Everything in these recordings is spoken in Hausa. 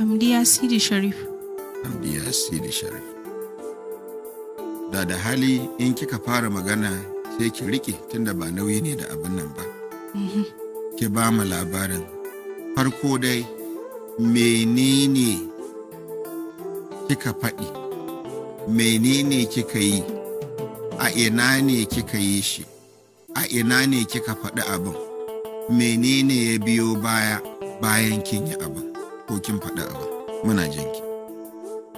Hamdiya Yasiri Sharif. amdi Yasiri Sharif. Da da hali in kika fara magana sai ki rike tunda ba nauyi ne da abin nan ba. Mhm. Ki ba mu labarin. Farko dai menene kika faɗi, menene kika yi, a ina ne kika yi shi, a ina ne kika faɗi abin, menene ya biyo baya bayan kin yi abin. ko kin ba muna jinki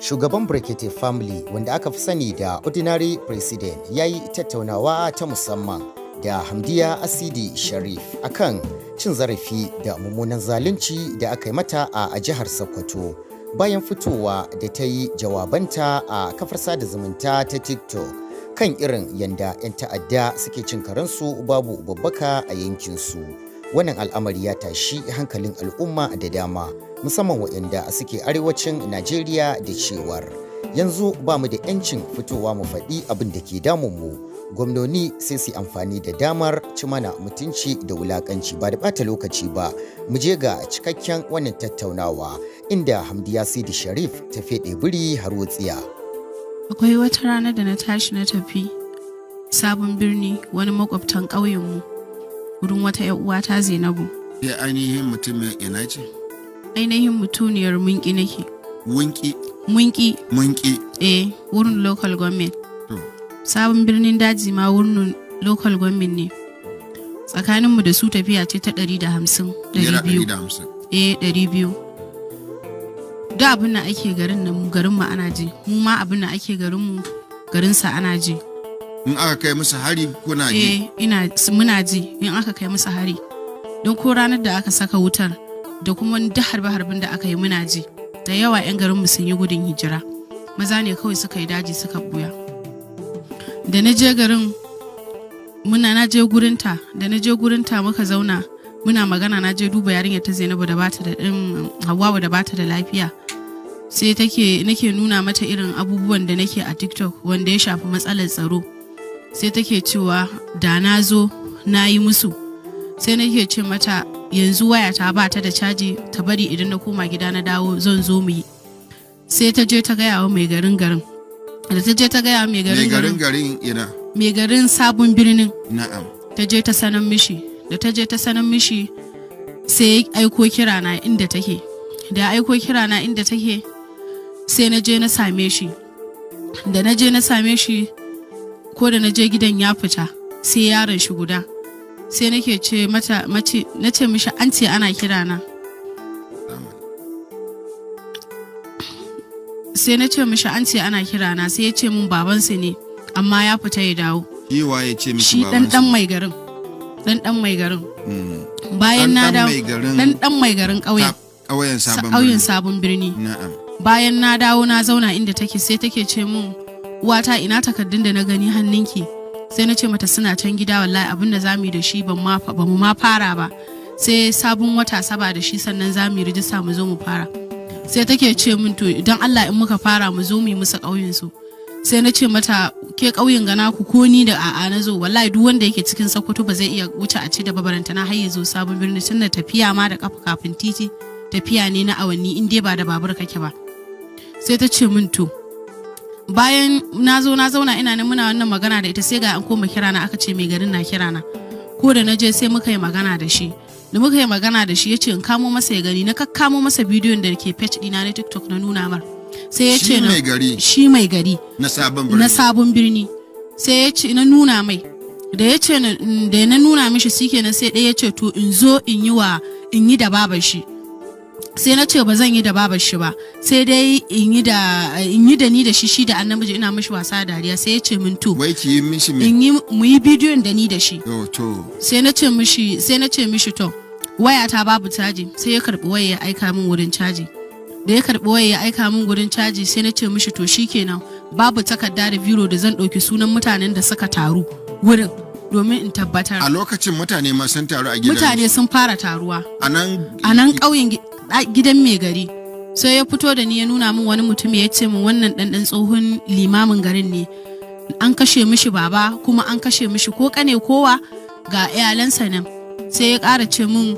shugaban Brekete family wanda aka fi sani da ordinary president ya yi tattaunawa ta musamman da hamdiya asidi sharif akan cin zarafi da mummunan zalunci da aka yi mata a jihar sokoto bayan fitowa da ta yi jawabanta a kafar sada zumunta ta tiktok kan irin yadda 'yan ta'adda suke cin karensu babu babbaka a yankinsu wannan al'amari ya tashi hankalin al'umma da dama musamman waɗanda suke arewacin najeriya da cewar yanzu ba mu da 'yancin fitowa mu faɗi abin da ke mu. gwamnoni sai su amfani da damar ci mana mutunci da wulakanci ba da bata lokaci ba mu je ga cikakken wannan tattaunawa inda hamdiya da sharif ta fede biri har wutsiya akwai wata rana da na tashi na tafi sabon birni wani makwabtan ƙauyenmu wurin wata ‘yan uwa ta Zainabu. Ya ainihin mutum ina ce? Ainihin mutuniyar munki nake. Munki? Munki. Munki. Eh, wurin local government. Sabon birnin daji ma wurin local government ne. Tsakaninmu da su tafiya ce ta ɗari da hamsin. Ɗari biyu. Eh, ɗari biyu. Da abin da ake garin nan garin mu ana ji, mu ma abin da ake garin mu garinsa ana ji. in aka kai musu hari kuna ji eh ina muna ji in aka kai musu hari don ko ranar da aka saka wutar da kuma duk harbe-harben da aka yi muna ji da yawa 'yan mu sun yi gudun hijira maza ne kawai suka yi daji suka buya da na je garin muna na je gurinta da na je gurinta muka zauna muna magana na je duba yarinya ta zainabu da bata da um, Hawwa da bata da lafiya sai take nake nuna mata irin abubuwan da nake a tiktok wanda ya shafi matsalar tsaro sai take cewa da na zo na yi musu sai nake ce mata yanzu waya ta ba ta da caji ta bari idan na koma gida na dawo zan zo mu yi sai ta je ta gaya wa mai garin garin da ta je ta gaya mai garin garin garin ina mai garin sabon birnin na'am ta je ta sanar mishi da ta je ta sanar mishi sai ya aiko kira na inda take da aiko kira na inda take sai na je na same shi da na je na same shi ko da na je gidan ya fita sai yaron shi guda sai nake ce mata mace na ce mishi an ce ana kira na sai na ce mishi an ce ana kira na sai ya ce min babansu ne amma ya fita ya dawo shi waye ce mishi shi dan dan mai garin dan dan mai garin hmm. bayan na dawo dan dan mai garin kauye kauyen sabon birni bayan na dawo na zauna inda take sai take ce min uwata ina takardun da na gani hannunki sai na ce mata suna can gida wallahi abin da zamu yi da shi ba mu ma fara ba sai sabon wata saba da shi sannan zamu yi rijista mu zo mu fara sai take ce min to idan Allah in muka fara mu zo mu yi musu ƙauyen su sai na ce mata ke ƙauyen gana ku ko ni da a'a na zo wallahi duk wanda yake cikin Sokoto ba zai iya wuce a ce da babaranta na hayyazo zo sabon birni tunda tafiya ma da kafa kafin titi tafiya ne na awanni in dai ba da babur kake ba sai ta ce min to bayan na zo na zauna ina ne muna wannan magana da ita sai ga an koma kirana aka ce mai garin na kirana ko da na je sai muka yi magana da shi da muka yi magana da shi ya ce in kamo masa ya gani na kakkamo masa bidiyon da ke page dina na tiktok na nuna mar sai ya ce shi mai gari na sabon birni sai ya ce na nuna mai da ya ce da na nuna mishi na sai ɗaya ya ce to in zo in yi wa in yi da babar shi sai na ce ba zan yi da babar shi ba sai dai in yi da ni da shi shi da annan ina mashi wasa dariya sai ya ce min to wai ki yi mishi me in yi mu yi bidiyon da ni da shi to sai na ce mishi sai na ce mishi to waya ta babu caji sai ya karbi waya ya aika min wurin caji da ya karbi waya ya aika min wurin caji sai na ce mishi to shikenan babu takarda da biro da zan ɗauki sunan mutanen da suka taru wurin domin in tabbatar. A lokacin mutane ma sun taru a gidan. Mutane sun fara taruwa. A nan. A nan ƙauyen gidan mai gari sai ya fito da ni ya nuna min wani mutum ya ce min wannan ɗanɗan tsohon limamin garin ne an kashe mishi baba kuma an kashe mishi ko kane kowa ga iyalansa nan sai ya ƙara ce min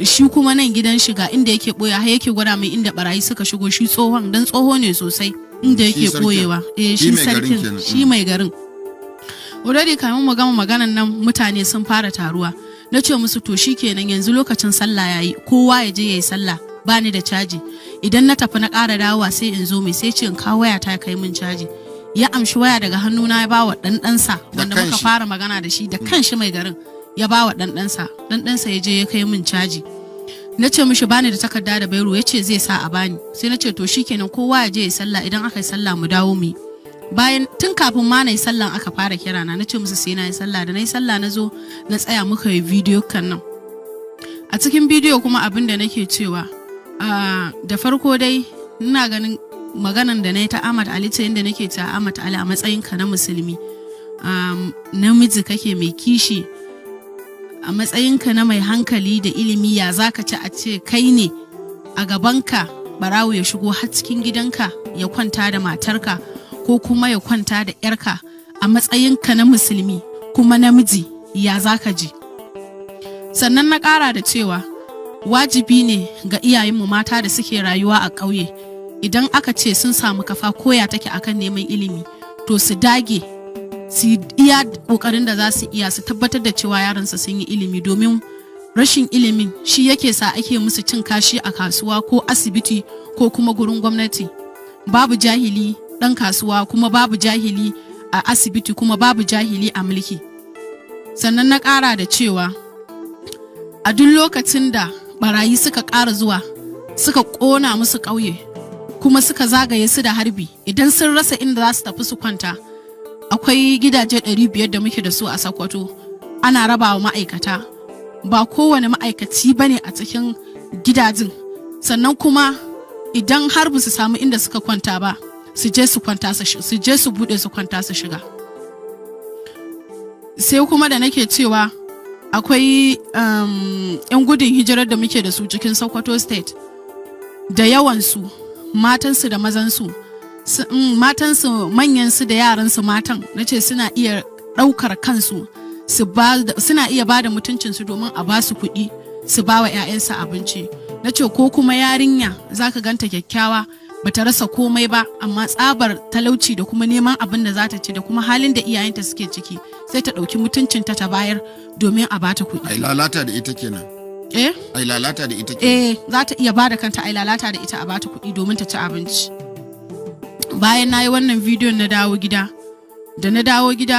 shi kuma nan gidan shi ga inda yake boya har yake gwada mai inda barayi suka shigo shi tsohon dan tsoho ne sosai inda yake ɓoyewa eh shi sarkin shi mai garin already kamin mu gama maganan nan mutane sun fara taruwa na ce musu to shikenan yanzu lokacin sallah yayi kowa ya je yayi sallah bani da caji idan na tafi na kara dawowa sai in zo mai sai ce in kawo waya ta kai min caji ya amshi waya daga hannuna ya bawa dan ɗansa wanda muka fara magana da shi da mm. kanshi mai garin ya bawa dan ɗansa dan ya je ya kai min caji na ce mishi bani da takarda da bairo ya ce zai sa a bani sai na ce to shikenan kowa ya je ya sallah idan aka yi sallah mu dawo mu bayan tun kafin ma na yi sallan aka fara kira na na ce musu sai na yi sallah da na yi sallah na zo na tsaya muka yi bidiyo kan nan a cikin bidiyo kuma abin da nake cewa da farko dai ina ganin maganan da na yi ta Ahmad Ali ta yadda nake ta Ahmad Ali a matsayin ka na musulmi namiji kake mai kishi a matsayin ka na mai hankali da ilimi ya zaka ci a ce kai ne a gabanka barawo ya shigo har cikin gidanka ya kwanta da matarka ko kuma ya kwanta da 'yarka a matsayinka na musulmi kuma namiji ya za ka ji sannan na ƙara da cewa wajibi ne ga iyayenmu mata da suke rayuwa a ƙauye idan aka ce sun samu kafa koya take akan neman ilimi to su dage su iya ƙoƙarin da za su iya su tabbatar da cewa yaransa sun yi ilimi domin rashin ilimin shi yake sa ake musu cin kashi a kasuwa ko asibiti ko kuma gurin gwamnati babu jahili ɗan kasuwa kuma babu jahili a asibiti kuma babu jahili a mulki sannan na ƙara da cewa a duk lokacin da barayi suka ƙara zuwa suka ƙona musu ƙauye kuma suka zagaye su da harbi idan sun rasa inda za su tafi su kwanta akwai gidaje ɗari biyar da muke da su a sokoto ana raba wa ma'aikata ba kowane ma'aikaci ba ne a cikin gidajen sannan kuma idan har su samu inda suka kwanta ba su je su kwanta su je su bude su kwanta su shiga sai kuma da nake cewa akwai yan um, gudun hijirar da muke da su cikin sokoto state da yawansu matansu da mazansu mm, matansu manyansu da yaransu matan na suna iya ɗaukar kansu suna iya bada da mutuncinsu domin a ba su kuɗi su ba wa 'ya'yansu abinci nace ko kuma yarinya zaka ganta kyakkyawa bata rasa komai ba amma tsabar talauci da kuma neman abin da za ta ci da kuma halin da iyayenta suke ciki sai ta ɗauki mutuncinta ta bayar domin a bata kuɗi. Ai lalata da ita kenan. Eh? Ai lalata da ita kenan. Eh za ta iya bada kanta ai lalata da ita a bata kuɗi domin ta ci abinci. Bayan na yi wannan bidiyon na dawo gida, da na dawo gida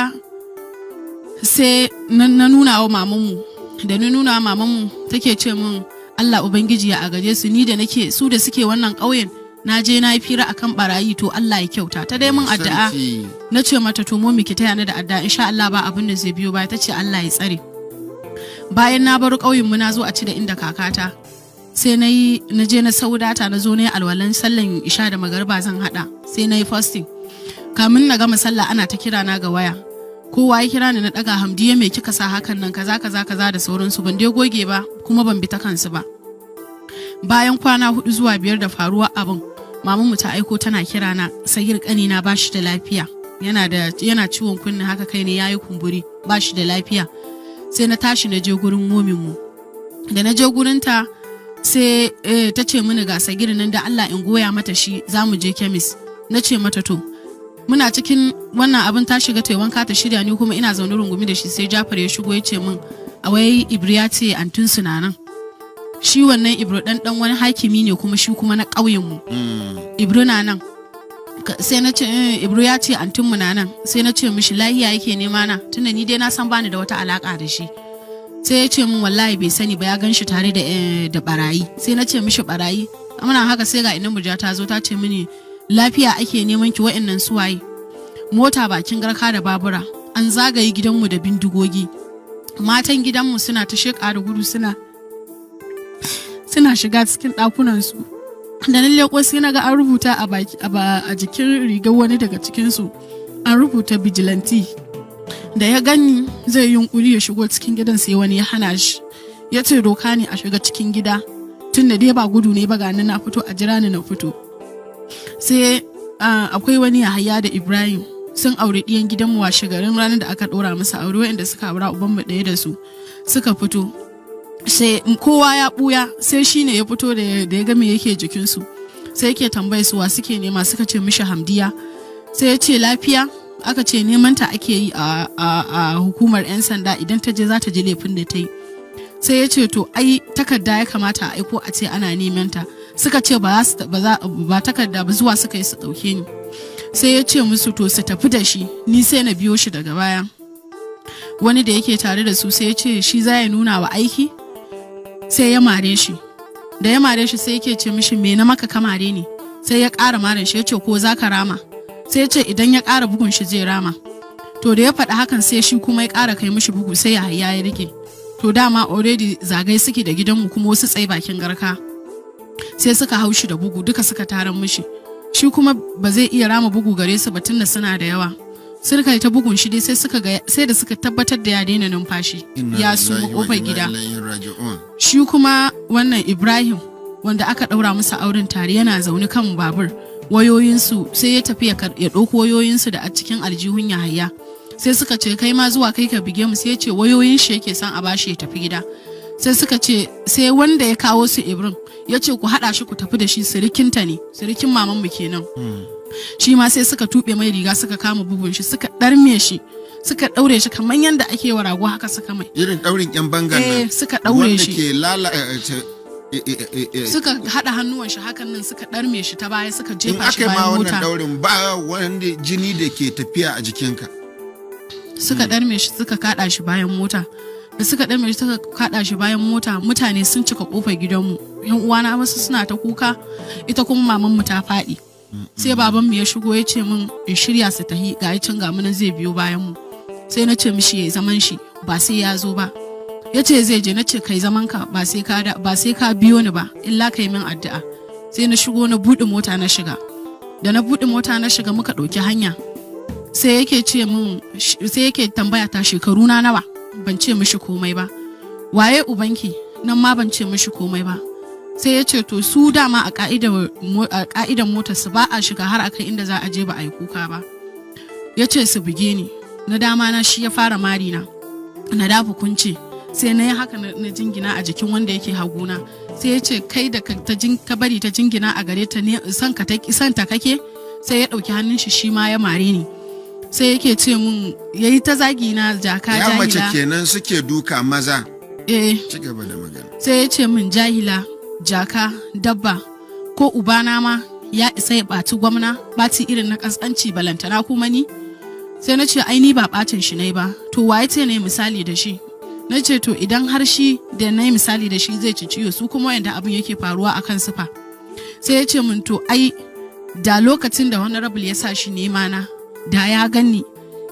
sai na nuna wa mamanmu da na nuna wa mamanmu take ce min Allah Ubangiji ya agaje su ni da nake su da suke wannan ƙauyen na je na yi fira akan barayi to Allah ya kyauta ta dai mun addu'a na ce mata to momi miki taya ni da addu'a insha Allah ba abin da zai biyo ba ta ce Allah ya tsare bayan na bar ƙauyen mu na zo a ci da inda kakata sai na yi na je na saudata na zo na yi alwalan sallan isha da magarba zan hada sai na yi fasting kamin na gama sallah ana ta kira na ga waya kowa ya kira ni na daga hamdiya me kika sa hakan nan kaza kaza kaza da sauransu ban dai goge ba kuma ban bi ta kansu ba bayan kwana hudu zuwa biyar da faruwa abin mu ta aiko tana kira na sai kanina na bashi da lafiya yana da yana ciwon kunne haka kai ne yayi kumburi bashi da lafiya sai na tashi na je gurin momin mu da na je gurin ta sai eh, ta ce mini ga sagir nan da Allah in goya mata shi za mu je kemis na ce mata to muna cikin wannan abin ta shiga ta wanka ta shirya ni kuma ina zaune rungumi da shi sai Jafar ya shigo ya ce min a wai Ibriya ce sunanan shi wannan ibro dan dan wani hakimi ne kuma shi kuma na ƙauyen mu hmm. ibro na nan sai na ce eh, ibro ya ce antin mu na nan sai na ce mishi lahiya yake nema na tunda ni dai na san bani da wata alaka da shi sai ya ce min wallahi bai sani ba ya gan shi tare da barayi eh, sai na ce mishi barayi amma haka sai ga ina mu ta zo ta ce mini lafiya ake neman ki wa'annan suwaye mota bakin garka da babura an zagaye gidanmu da bindigogi matan gidanmu suna ta sheƙa da gudu suna suna shiga cikin ɗakunansu da lalle ko sai naga an rubuta a jikin rigar wani daga cikinsu an rubuta vigilante da ya gani zai yi yunkuri ya shigo cikin gidan sai wani ya hana shi ya ce doka ne a shiga cikin gida tun da dai ba gudu ne ba gani na fito a jira ni na fito sai akwai wani yahaya da ibrahim sun aure ɗiyan gidan washe garin ranar da aka ɗora masa aure wa'inda suka aura ubanmu ɗaya da su suka fito sai kowa ya ɓuya sai shi ne ya fito da ya ga me yake jikinsu sai yake tambaya su wa suke nema suka ce mishi hamdiya sai ya ce lafiya aka ce neman ta ake yi a hukumar 'yan sanda idan ta je za ta ji laifin da ta yi sai ya ce to ai takarda ya kamata a aiko a ce ana neman ta suka ce ba takarda ba zuwa suka yi su ɗauke ni sai ya ce musu to su tafi da shi ni sai na biyo shi daga baya wani da yake tare da su sai ya ce shi za ya nuna wa aiki sai ya mare shi da ya mare shi sai yake ce mishi me na maka kamare ne sai ya ƙara mare shi ya ce ko za ka rama sai ya ce idan ya kara bugun shi zai rama to da ya faɗi hakan sai shi kuma ya ƙara kai mishi bugu sai ya ya rike to dama already zagai suke da gidanmu kuma wasu tsaye bakin garka sai suka hau shi da bugu duka suka taran mishi shi kuma ba zai iya rama bugu gare su ba tunda suna da yawa suka ta bugun shi dai sai da suka tabbatar da ya daina numfashi ya su kofar gida shi kuma wannan Ibrahim wanda aka ɗaura masa auren tare yana zaune kan babur wayoyinsu sai ya tafi ya ɗauko wayoyinsu da a cikin aljihun yahaya sai suka ce kai ma zuwa kai ka bige mu sai ya ce wayoyin shi yake son a bashi ya tafi gida sai suka ce sai wanda ya kawo su ibrin ya ce ku haɗa shi ku tafi da shi sirikinta ne sirikin mamanmu kenan shi ma sai suka tuɓe mai riga suka kama bugun shi suka ɗarme shi suka ɗaure shi kamar yadda ake wa rago haka suka mai irin ɗaurin yan bangan nan eh, suka ɗaure shi ke lala eh, eh, suka haɗa hannuwan shi hakan nan suka ɗarme shi ta baya suka jefa shi bayan mota. in aka ma wannan ɗaurin ba wanda jini da ke tafiya a jikinka suka hmm. ɗarme shi suka kaɗa shi bayan mota da suka ɗan ta kaɗa shi bayan mota mutane sun cika kofar gidanmu yan uwana wasu suna ta kuka ita kuma mamanmu ta faɗi sai babanmu ya shigo ya ce min in shirya su tahi ga can gamu nan zai biyo bayan mu sai na ce mishi ya zaman shi ba sai ya zo ba ya ce zai je na ce kai zaman ka ba sai ka ba sai ka biyo ni ba illa kai min addu'a sai na shigo na buɗe mota na shiga da na buɗe mota na shiga muka ɗauki hanya sai yake ce min sai yake tambaya ta shekaru na nawa ban ce mishi komai ba waye ubanki nan ma ban ce mishi komai ba sai ya ce to su dama a ka'idar motar su ba a shiga har akan inda za a je ba a yi kuka ba ya ce su buge ni na dama na shi ya fara mari na na dafa kunce sai na yi haka na jingina a jikin wanda yake haguna sai ya ce kai da ka bari ta jingina a gare ta ne san ka ta kake sai ya ɗauki hannun shi shi ma ya mare ni sai yake ce mun yayi ta zagi na jaka jahila ya mace kenan suke duka maza eh ci gaba da magana sai ya ce min jahila jaka dabba ko ubana ma ya isa ya ɓaci gwamna ɓaci irin na ƙasƙanci balantana kuma ni sai na ce ai ni ba ɓacin shi ne ba to waye ce na misali da shi na ce to idan har shi da na misali da shi zai ci ciwo su kuma yadda abin yake faruwa a kan sufa sai ya ce min to ai da lokacin da wani rabul ya sa shi nema na da ya gani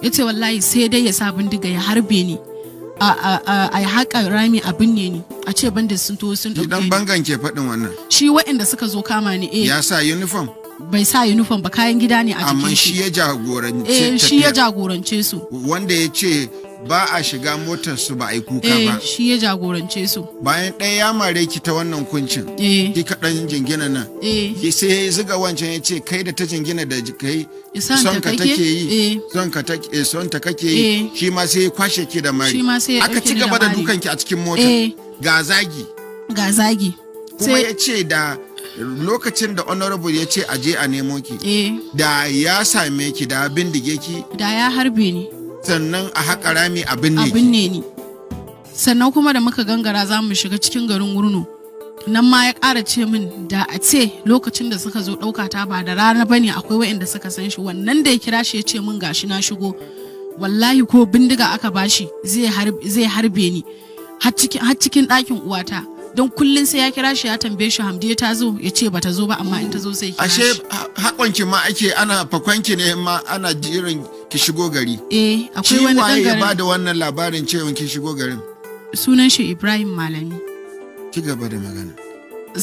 ya ce wallahi sai dai ya sa bindiga ya harbe ni a haƙa rami a binne ni a ce banda sun to sun ɗauke ni. Idan bangan ke faɗin wannan. Shi waɗanda suka zo kama ni eh. Ya sa uniform. Bai sa uniform ba kayan gida ne a jikin shi. Amma shi ya jagorance. Eh shi ya jagorance su. Wanda ya ce ba a shiga motar su ba a yi kuka eh, ba. shi ya jagorance su. Bayan ɗaya ya mare ki ta wannan kuncin. Eh. Ki kaɗan jingina nan. Eh. Sai ya zuga wancan ya ce kai da ta jingina da kai. Eh. Son ka take yi. Son ka take son ta kake yi. Eh. Shi ma sai ya kwashe ki da mari. Shi ma sai ya Aka ci gaba da dukan ki a cikin motar. Ga zagi. Ga zagi. Kuma ya ce da lokacin da honorable ya ce aje a nemo ki. Da ya same ki da bindige ki. Da ya harbe ni. sannan a haƙa rami abin ne abin ne sannan kuma da muka gangara za mu shiga cikin garin wurno nan ma ya ƙara ce min da a ce lokacin da suka zo ɗauka ta ba da rana bane akwai waɗanda suka san shi wannan da ya kira shi ya ce min gashi na shigo wallahi ko bindiga aka bashi zai harbe ni har cikin ɗakin uwata don kullun sai ya kira shi ya tambaye shi hamdiya ta zo ya ce bata zo ba amma in ta zo sai kira ashe hakonki ma ake ana fakwanki ne ma ana jirin ki shigo gari eh akwai wani waye ba bada wannan labarin cewa ki shigo garin sunan shi Ibrahim Malami ki gaba da magana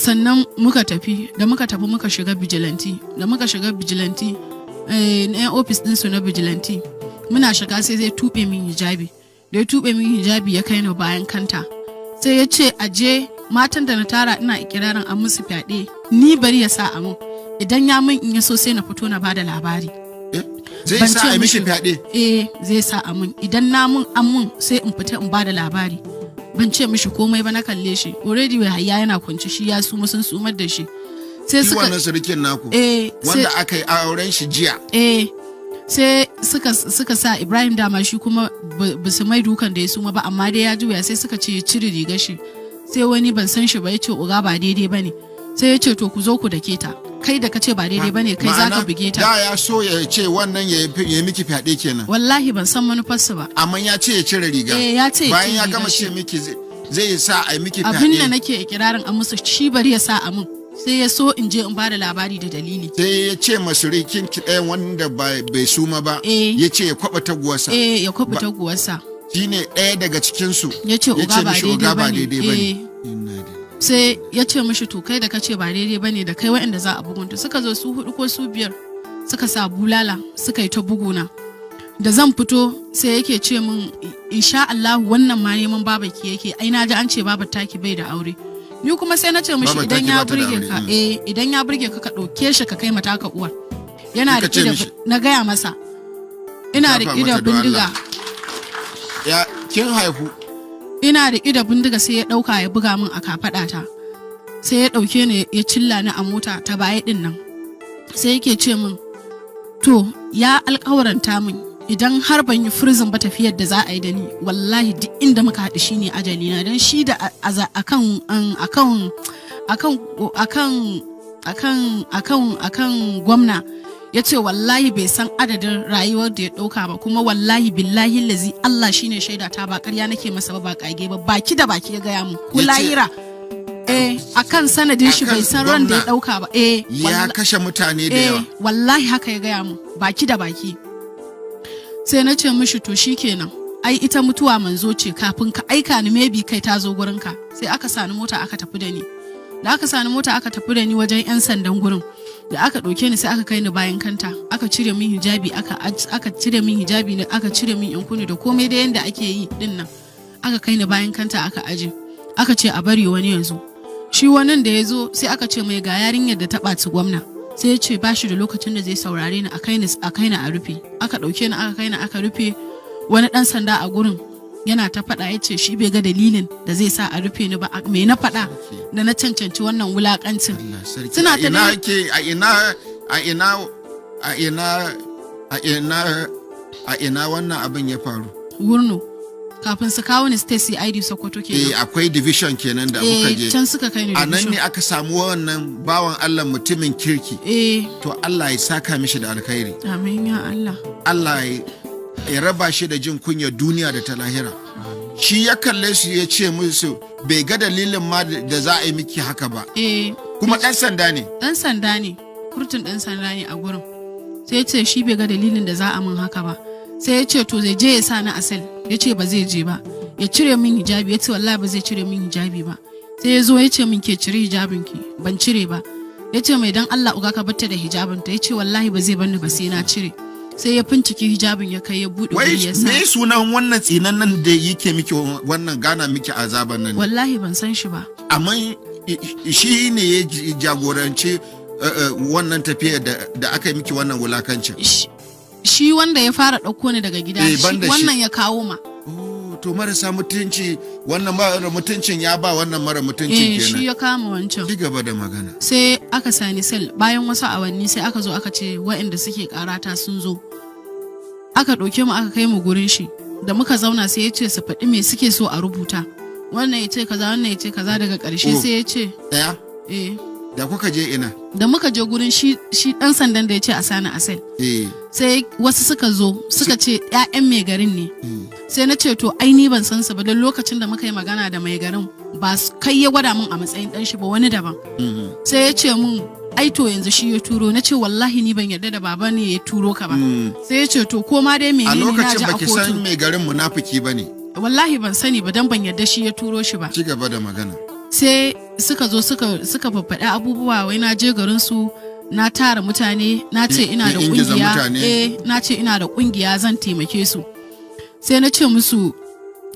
sannan muka tafi da muka tafi muka shiga bijilanti da muka shiga bijilanti eh, na ofis ɗinsu na bijilanti muna shiga sai zai tuɓe min hijabi da ya tuɓe min hijabi ya kai ni bayan kanta sai ya ce aje matan da na tara ina ikirarin an musu fyaɗe ni bari ya sa a mun idan ya mun in ya so sai na fito na bada labari eh, zai sa a mishi fyaɗe eh zai sa a mun idan na mun an mun sai in fita in bada labari ban ce mishi komai ba na kalle shi already wai hayya yana kwance shi ya suma sun sumar da shi sai suka wannan sarkin naku eh wanda aka yi auren shi jiya eh sai suka suka sa Ibrahim dama shi kuma ba su mai dukan da ya suma ba amma dai ya juya sai suka ce ya cire rigar shi sai wani ban san shi ba ya ce uga ba daidai ba ne sai ya ce to ku zo ku dake ta kai da ka ce ba daidai ba ne kai za ka buge ta da ya so ya ce wannan ya yi miki fyaɗe kenan wallahi ban san manufarsa ba amma ya ce ya cire riga eh ya ce bayan ya gama ce miki zai sa a yi miki fyaɗe abin da nake ikirarin a musu shi bari ya sa a mun sai ya so in je in bada labari da dalili sai ya ce masurikin ki ɗaya wanda bai suma ba eh. ya ce ya kwaɓa taguwarsa eh ya kwaɓa taguwarsa shi ne ɗaya daga cikinsu ya ce uga ba daidai ba ne sai ya ce mishi to kai da kace ba daidai ba ne da kai waɗanda za a bugunta suka zo su hudu ko su biyar suka sa bulala suka yi ta buguna da zan fito sai yake ce min insha Allah wannan ma neman ki yake ai na ji an ce babar taki bai da aure ni kuma sai na ce mishi idan ya burge ka mm. eh idan ya burge ka ka dauke shi ka kai mata ka uwar yana da na gaya masa ina da bindiga ya kin haihu ina da da bindiga sai ya ɗauka ya buga min a ta sai ya ɗauke ni ya cilla ni a mota ta baya din nan sai yake ce min to ya alƙawaranta min idan har ban yi furzin ba tafiyar da za a yi da ni wallahi duk inda muka haɗu shi ne ajali na don shi da akan akan akan akan akan akan gwamna ya ce wallahi bai san adadin rayuwar da ya ɗauka ba kuma wallahi billahi lazi Allah shine shaida ta ba ƙarya nake masa ba ba ƙage ba baki da baki ya gaya mu kulayira eh akan sanadin shi bai san ran da ya ɗauka ba eh ya kashe mutane da yawa eh, wallahi haka ya gaya mu baki da baki sai na ce mishi to kenan ai ita mutuwa manzo ce kafin ka aika ni maybe kai ta zo gurinka sai aka sani mota aka tafi da ni da aka sani mota aka tafi da ni wajen 'yan sandan gurin da aka ɗauke ni sai aka kai ni bayan kanta aka cire min hijabi aka aka cire min hijabi ne aka cire min da komai da yanda ake yi din nan aka kai ni bayan kanta aka aje aka ce a bari wani yanzu shi wannan da ya zo sai aka ce mai ga yarinyar da ta ɓaci gwamna sai ya ce ba shi da lokacin da zai saurare ni a kai ni a rufe aka ɗauke ni aka kai ni aka rufe wani ɗan sanda a gurin yana ta faɗa ya ce shi bai ga dalilin da zai sa a rufe ni ba me na faɗa da na cancanci wannan wulakancin suna ta ina ke a ina a ina a ina a ina a ina wannan abin ya faru wurno kafin su kawo ni stacy id Sokoto kenan eh akwai division kenan da kuka eh, je can suka kai ni a nan ne aka samu wannan bawan Allah mutumin kirki eh to Allah ya saka mishi da alkhairi amin ya Allah Allah ya ya raba shi da jin kunya duniya da ta lahira shi ya kalle su ya ce musu bai ga dalilin ma da za a yi miki haka ba eh. kuma ɗan sanda ne ɗan sanda ne kurtun ɗan sanda ne a gurin sai ya ce shi bai ga dalilin da za a min haka ba sai ya ce to zai je ya sa na asal ya ce ba zai je ba ya cire min hijabi ya ce wallahi ba zai cire min hijabi ba sai ya zo ya ce min ke cire hijabin ki ban cire ba ya ce mai dan Allah uga ka batta da hijabinta ya ce wallahi ba zai bar ni ba sai na cire sai ya finciki hijabin ya kai ya buɗe wuri ya sa me sunan wannan tsinan nan da yake miki wannan gana miki azaban nan wallahi ban san shi ba amma shi ne ya jagoranci eh, eh, wannan tafiya da aka yi miki wannan wulakancin shi wanda ya fara ɗauko ni daga gida eh, wannan ya kawo ma to marasa mutunci wannan mara mutuncin ya ba wannan mara mutuncin eh, kenan shi ya kama wancan ci gaba da magana sai aka sani sel bayan wasu awanni sai aka zo aka ce wa'inda suke karata sun zo aka ɗauke mu aka kai mu gurin shi da muka zauna sai ya ce su faɗi me suke so a rubuta wannan ya ce kaza wannan ya ce kaza daga ƙarshe oh. sai ya ce ɗaya eh da kuka je ina da muka je gurin shi shi dan sandan da ya ce a sani a eh. sai wasu suka zo suka ce ƴaƴan mai garin ne hmm. sai na ce to ai ni ban san su ba don lokacin da muka yi magana da mai garin ba kai ya gwada min a matsayin dan shi ba wani daban hmm. sai ya ce mun ai to yanzu shi ya turo na ce wallahi ni ban yarda da baba ne ya turo ka ba hmm. sai ya ce to ko ma dai menene na ji a kotu a lokacin baki san mai garin munafiki bane wallahi ban sani ba dan ban yarda shi ya turo shi ba ci gaba da magana sai suka zo suka suka faɗi abubuwa wai na je garin su na tara mutane na ce ina da kungiya eh na ce ina da kungiya zan taimake su sai na ce musu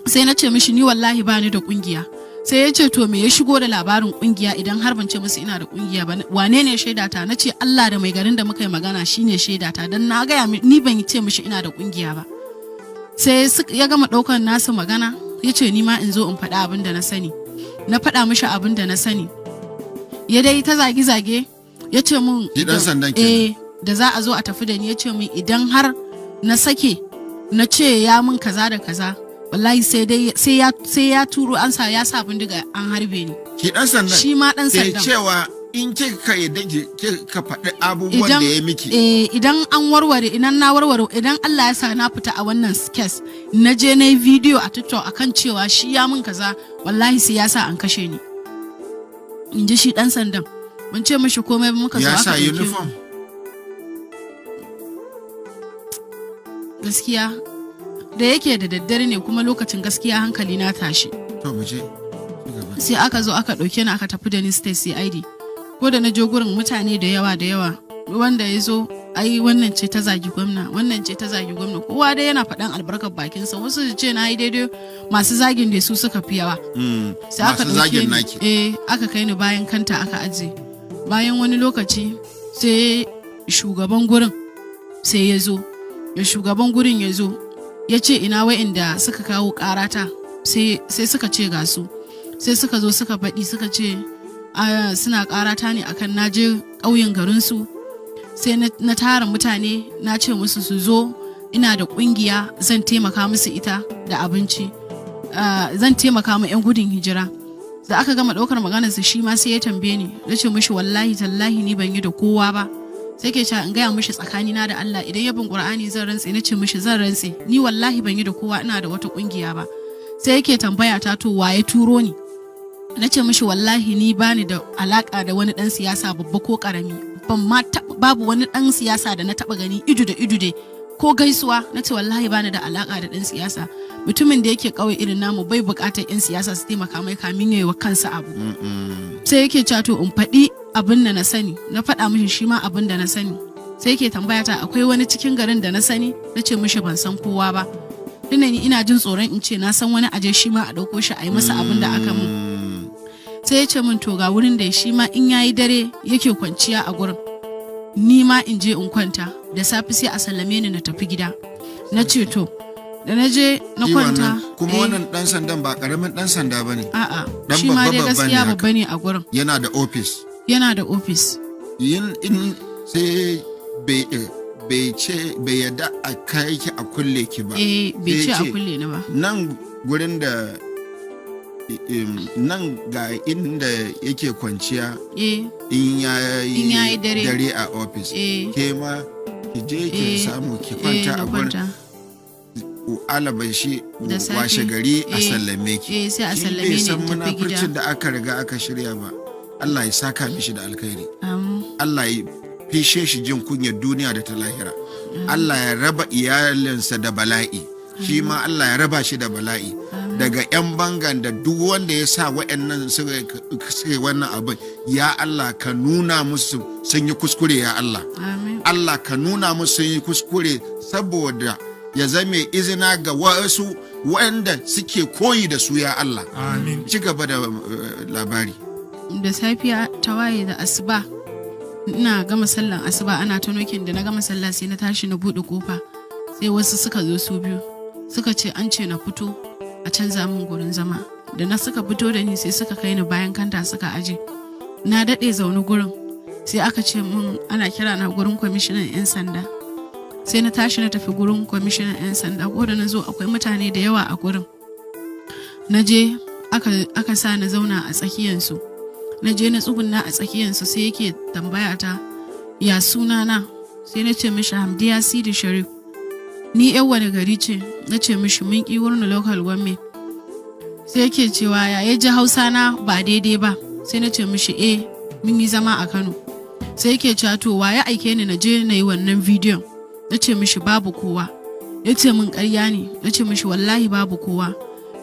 sai na ce mishi ni wallahi bani da kungiya sai ya ce to me ya shigo da labarin kungiya idan har ban ce musu ina da kungiya ba wane ne shaidata na ce Allah da mai garin da muka yi magana shine shaidata dan na gaya ni ban ce mishi ina da kungiya ba sai ya gama daukan nasu magana ya ce ni ma in zo in faɗa abin da na sani na faɗa mishi abin da na sani ya dai ta zage-zage ya ce mun eh da za a zo a tafi da ni ya ce mun idan har na sake na ce ya mun kaza da kaza wallahi sai dai sai ya turo an sa ya sa bindiga an harbe ni shi dan shi ma dan sandan cewa in kika yadda ka faɗi abubuwan da ya miki eh, idan an warware idan na warware idan Allah ya sa na fita a wannan skes na je na yi video a TikTok akan cewa shi ya mun kaza wallahi sai ya sa an kashe ni in ji shi dan sandan mun ce mishi komai muka zo aka ya sa uniform gaskiya da yake da daddare ne kuma lokacin gaskiya hankali na tashi. To mu je. Sai aka zo aka ɗauke ni aka tafi da ni state CID. ko da na je gurin mutane da yawa da yawa wanda ya zo ai wannan ce ta zagi gwamna wannan ce ta zagi gwamna kowa dai yana faɗan albarkar sa wasu su ce na yi daidai masu zagin da su suka fi yawa hmm, sai aka ɗauke ni eh aka kai ni bayan kanta aka aje bayan wani lokaci sai shugaban gurin sai ya zo da shugaban gurin ya zo ya ce ina wa'inda suka kawo karata sai suka ce ga su sai suka zo suka faɗi suka ce suna karata ne akan na je ƙauyen garinsu sai na tara mutane na ce musu su zo ina da ƙungiya zan taimaka musu ita da abinci zan taimaka ma 'yan gudun hijira da aka gama ɗaukar maganarsa shi ma sai ya tambaye ni na ce mushi wallahi tallahi ni ban yi da kowa ba sai ke cewa in gaya mushi tsakanina da Allah idan ya bin Qur'ani zan rantse na ce mushi zan rantse ni wallahi ban yi da kowa ina da wata ƙungiya ba sai yake tambaya ta to waye turo ni na ce mishi wallahi ni bani da alaka da wani dan siyasa babba ko karami babu wani dan siyasa da na taba gani ido da ido dai ko gaisuwa na ce wallahi bani da alaka da dan siyasa mutumin da yake kawai irin namu bai bukatar yan siyasa su taimaka mai kamin ya wa kansa abu sai yake cato in faɗi abin da na sani na faɗa mishi shi ma abin da na sani sai yake tambaya ta akwai wani cikin garin da na sani na ce mishi ban san kowa ba ina jin tsoron in ce na san wani aje shi ma a dauko shi a yi masa abin da aka mun mm. sai ya ce min to ga wurin da shi ma in yayi dare yake kwanciya a gurin ni ma in je in kwanta da safe sai a sallame ni na tafi gida na ce to da na je na kwanta kuma eh. wannan dan sandan ba karamin dan sanda bane a'a shi ma dai gaskiya babba ne a gurin yana da office yana da office yin in sai bai bai ce bai yadda a kai ki a kulle ki ba eh bai ce a kulle ni ba nan gurin da nan ga inda yake kwanciya eh. in ya yi dare a ofis eh. ke ma ki je ki eh. samu ki kwanta a gurin shi washe gari a sallame ki shi san munafurcin da aka riga aka shirya ba Allah ya saka mishi da alkhairi Allah ya fishe shi jin kunyar duniya da ta lahira Allah ya raba iyalinsa da bala'i shi ma Allah ya raba shi da bala'i daga 'yan bangan da duk wanda ya sa wa'annan suke wannan abin ya Allah ka nuna musu sun yi kuskure ya Allah Allah ka nuna musu sun yi kuskure saboda ya zame izina ga wasu wa'anda suke koyi da su ya Allah ci gaba da eh, labari da safiya tawaye waye da asuba ina gama sallan asuba ana ta nokin da na gama sallah sai na tashi na buɗe kofa sai wasu suka zo su biyu suka ce an ce na fito a canza min gurin zama da na suka fito da ni sai suka kai ni bayan kanta suka aje na daɗe zaune gurin sai aka ce min ana kira na gurin kwamishinan 'yan sanda sai na tashi na tafi gurin kwamishinan 'yan sanda ko da na zo akwai mutane da yawa a gurin na je aka, sa na zauna a tsakiyansu na je na tsugunna a tsakiyansu sai yake tambaya ta ya suna sai na ce mishi hamdiya sidi sharif ni yan wani gari ce na ce mishi mun ƙi wurin local government sai yake cewa ya ya ji hausa na ba daidai ba sai na ce mishi eh mun yi zama a kano sai yake cewa to wa ya aike ni na je na yi wannan bidiyon na ce mishi babu kowa ya ce mun ƙarya ne na ce mishi wallahi babu kowa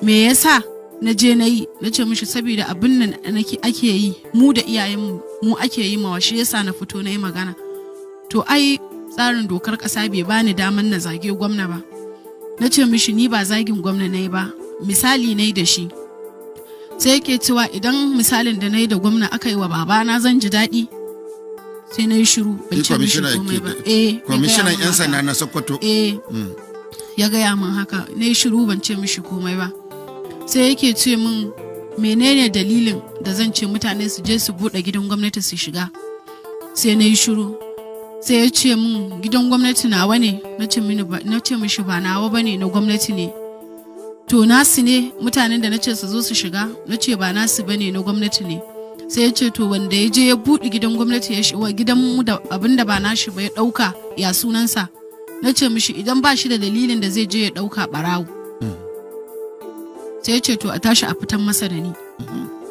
me yasa na je na yi na ce mishi saboda abin nan ake yi mu da iyayenmu mu ake yi mawa shi yasa na fito na yi magana to ai tsarin dokar ƙasa bai bani damar na zage gwamna ba na ce mishi ni ba zagin gwamna na yi ba misali na da shi sai yake cewa idan misalin da na yi da gwamna aka yi wa babana zan ji daɗi sai na yi shiru ban eh, ce komai ba eh, kwamishinan yan sanda na sokoto eh, hmm. ya gaya min haka na yi shiru ban ce mishi komai ba sai yake ce min menene dalilin da zan ce mutane su je su buɗe gidan gwamnati su shiga sai na yi shiru sai ya ce min gidan gwamnati nawa ne na ce mishi ba nawa ba ne na gwamnati ne to nasu ne mutanen da na ce su zo su shiga na ce ba nasu ba ne na gwamnati ne sai ya ce to wanda ya je ya buɗe gidan gwamnati ya shiga gidan mu da abin da ba nashi ba ya ɗauka ya sunansa na ce mishi idan ba shi da dalilin da zai je ya ɗauka ɓarawo sai ya ce to a tashi a fitan masa da ni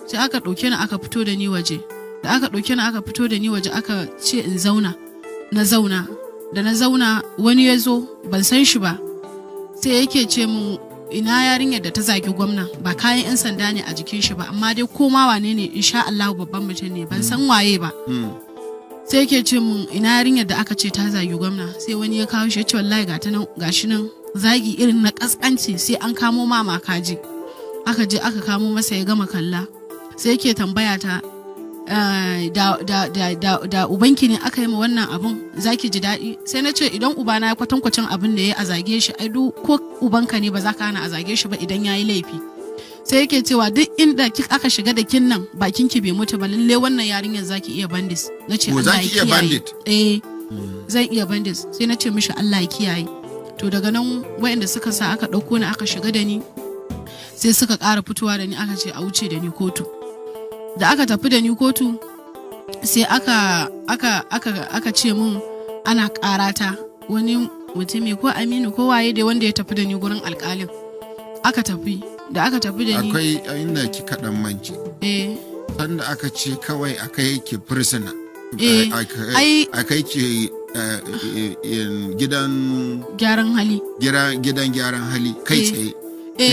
sai aka ɗauke ni aka fito da ni waje da aka ɗauke ni aka fito da ni waje aka ce in zauna na zauna da na zauna wani ya zo ban san shi ba sai yake ce min ina yarinyar da ta zagi gwamna ba kayan 'yan sanda ne a jikin shi ba amma dai koma wane ne insha Allah babban mutum ne ban san hmm. waye ba hmm. sai yake ce min ina yarinyar da aka ce ta zagi gwamna sai wani ya kawo shi ya ce wallahi ga nan zagi irin na kaskanci sai an kamo mama kaji aka je aka kamo masa ya gama kalla sai yake tambaya ta Eh, da ubanki ne aka yi ma wannan abun za ji daɗi sai na ce idan ubana ya kwatankwacin abin da ya a zage shi ai duk ko ubanka ne ba za ka hana a zage shi ba idan ya yi laifi sai yake cewa duk inda aka shiga da kin nan bakin ki bai mutu ba lalle wannan yarinyar za ki iya bandis na ce Allah ya kiyaye eh hmm. zan iya bandis sai na ce mishi Allah ya kiyaye to daga nan wayanda suka sa aka ɗauko ni aka shiga da ni sai suka ƙara fitowa da ni aka ce a wuce da ni kotu da aka tafi da ni kotu sai aka aka aka aka ce mun ana karata wani mutumi ko aminu ko waye da wanda ya tafi da ni gurin alkalin aka tafi da aka tafi da ni akwai inda ki kaɗan manje eh sanda aka ce kawai aka yi prisoner eh aka yi eh, eh, gidan gyaran hali gidan gyaran hali kai eh. tsaye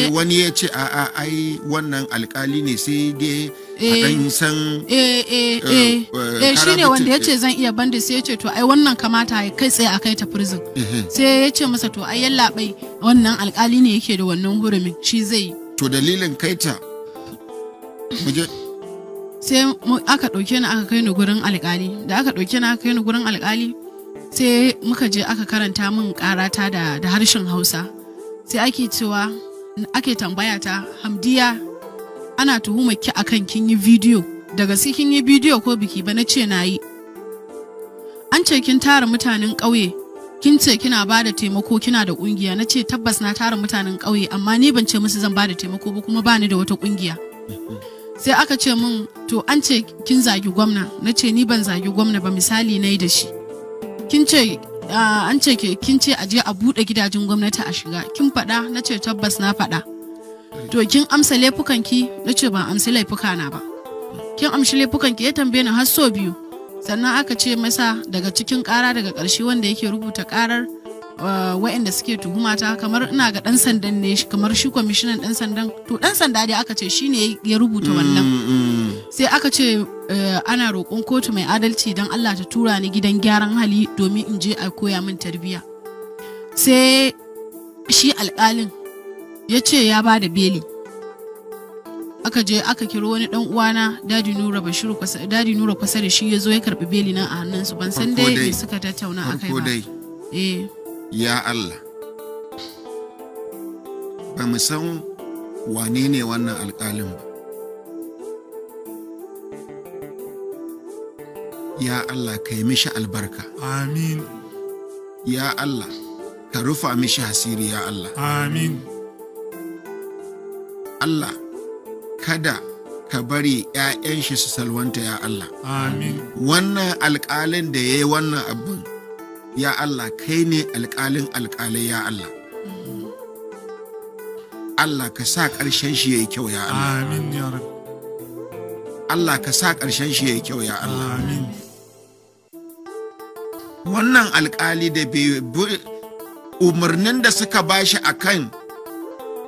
wani ya ce a ai wannan alkali ne sai dai dan san eh, eh, eh shi ne wanda ya ce zan iya bandi sai ya ce to ai wannan kamata ya kai tsaye a kai ta prison sai ya ce masa to ai bai. wannan alkali ne yake da wannan hurumin shi zai to dalilin kai ta muje sai aka ɗauke ni aka kai ni gurin alkali da aka ɗauke ni aka kai ni gurin alkali sai muka je aka karanta min karata da harshen hausa sai ake cewa ake tambaya ta hamdiya ana tuhumar ki akan kin yi bidiyo daga si kin yi bidiyo ko biki ba na ce na yi an ce kin tara mutanen ƙauye kin ce kina ba da taimako kina da ƙungiya na ce tabbas na tara mutanen ƙauye amma ni ban ce musu zan ba da taimako ba kuma bani da wata ƙungiya sai aka ce min to an ce kin zagi gwamna na ce ni ban zagi gwamna ba misali na yi da shi kin ce ah, an ce kin ce a je a buɗe gidajen gwamnati a shiga kin faɗa na ce tabbas na faɗa to kin amsa laifukanki na ce ban laifuka na ba kin amshi ki ya tambaye ni har so biyu sannan aka ce masa daga cikin ƙara daga ƙarshe wanda yake rubuta ƙarar uh, wa'inda suke tuhumata kamar ina ga ɗan sandan ne kamar shi kwamishinan ɗan sandan to ɗan sanda dai aka ce shine ya rubuta mm, wannan mm. sai aka ce uh, ana roƙon kotu mai adalci don Allah ta tura ni gidan gyaran hali domin in je a koya min tarbiyya sai shi alƙalin ya ce ya ba da beli aka je aka kiro wani dan uwana dadi nura bashir kwasa dadi nura kwasa da shi ya zo ya karbi beli nan a hannunsu ban san dai me suka tattauna akai ba eh ya Allah ba mu san wane ne wannan alƙalin ba ya Allah ka yi mishi albarka amin ya Allah ka rufa mishi hasiri ya Allah amin Allah kada ka bari 'ya'yan shi su salwanta ya Allah amin wannan alƙalin da ya yi wannan abin ya Allah kai ne alƙalin alƙalai ya Allah Allah ka sa ƙarshen shi ya yi kyau ya Allah amin ya Allah ka sa ƙarshen shi ya yi kyau ya Allah amin wannan alƙali da bai umarnin da suka bashi akan